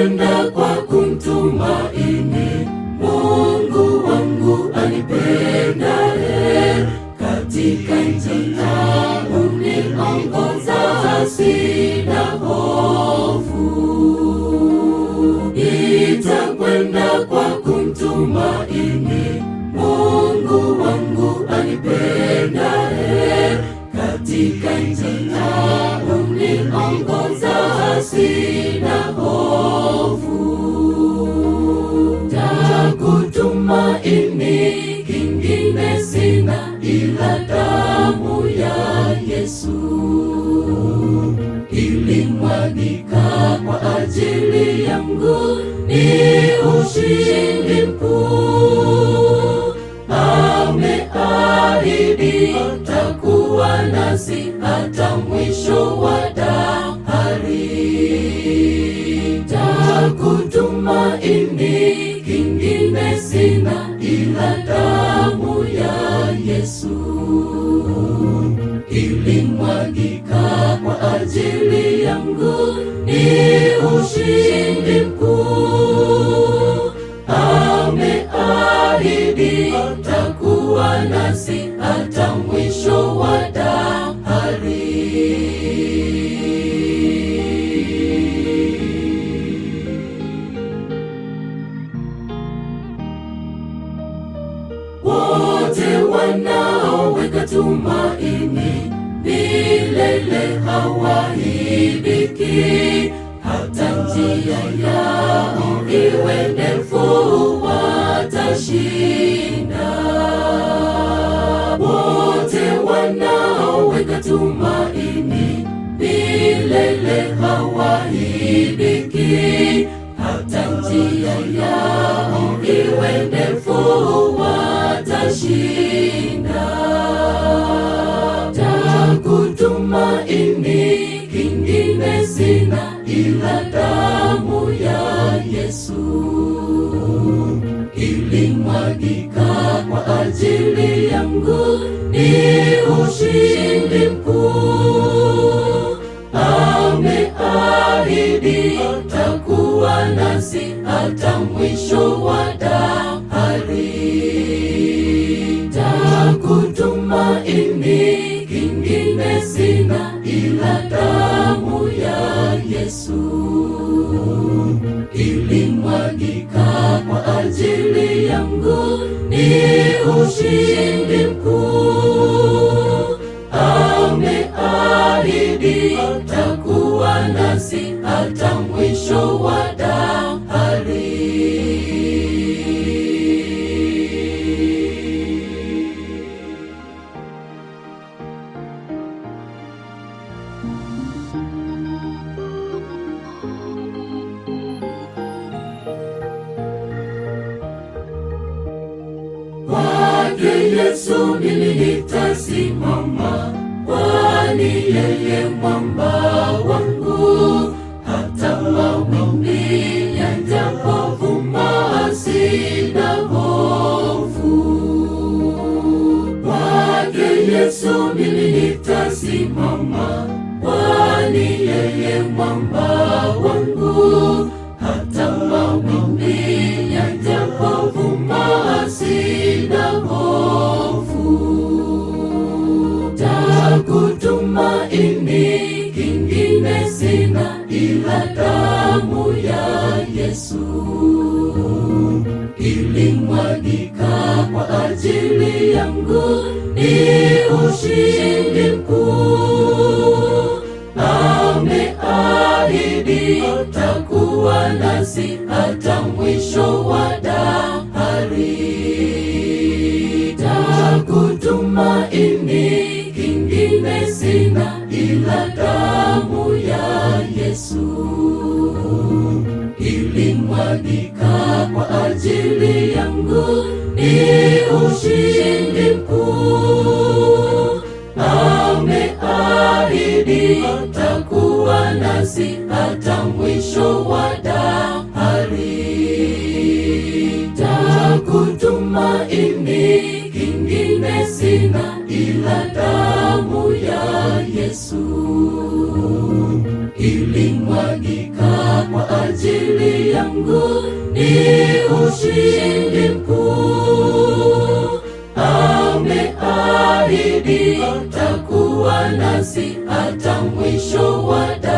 Ninakwenda kwa kumtumaini Mungu wangu anipendaye, katika njia uniongoza umemwagika kwa ajili yangu, ni ushindi mkuu. Ameahidi atakuwa nasi hata mwisho wa dahari. Takutumaini, kingine sina ila yangu ni ushindi mkuu. Ameahidi atakuwa nasi hata mwisho wa dahari. Wote wanaoweka tumaini milele hawaibiki, hata njia yao iwe ndefu watashinda. Wote wanaoweka tumaini milele hawaibiki, hata njia yao iwe ndefu watashinda. na damu ya Yesu ilimwagika kwa ajili yangu, ni ushindi mkuu. Ameahidi atakuwa nasi hata mwisho wa dahari, takutumaini ushindi mkuu, ameahidi atakuwa nasi hata mwisho wa Yesu mimi nitasimama, kwani yeye mwamba wangu. Hata mawimbi yatapovuma, sina hofu. Kwake Yesu mimi nitasimama, kwani yeye mwamba wangu. sina ila damu ya Yesu ilimwagika kwa ajili yangu, ni ushindi mkuu. Ameahidi atakuwa nasi hata mwisho wa damu. ulimwagika kwa ajili yangu, ni ushindi wangu ni ushindi mkuu. Ameahidi atakuwa nasi hata mwisho wa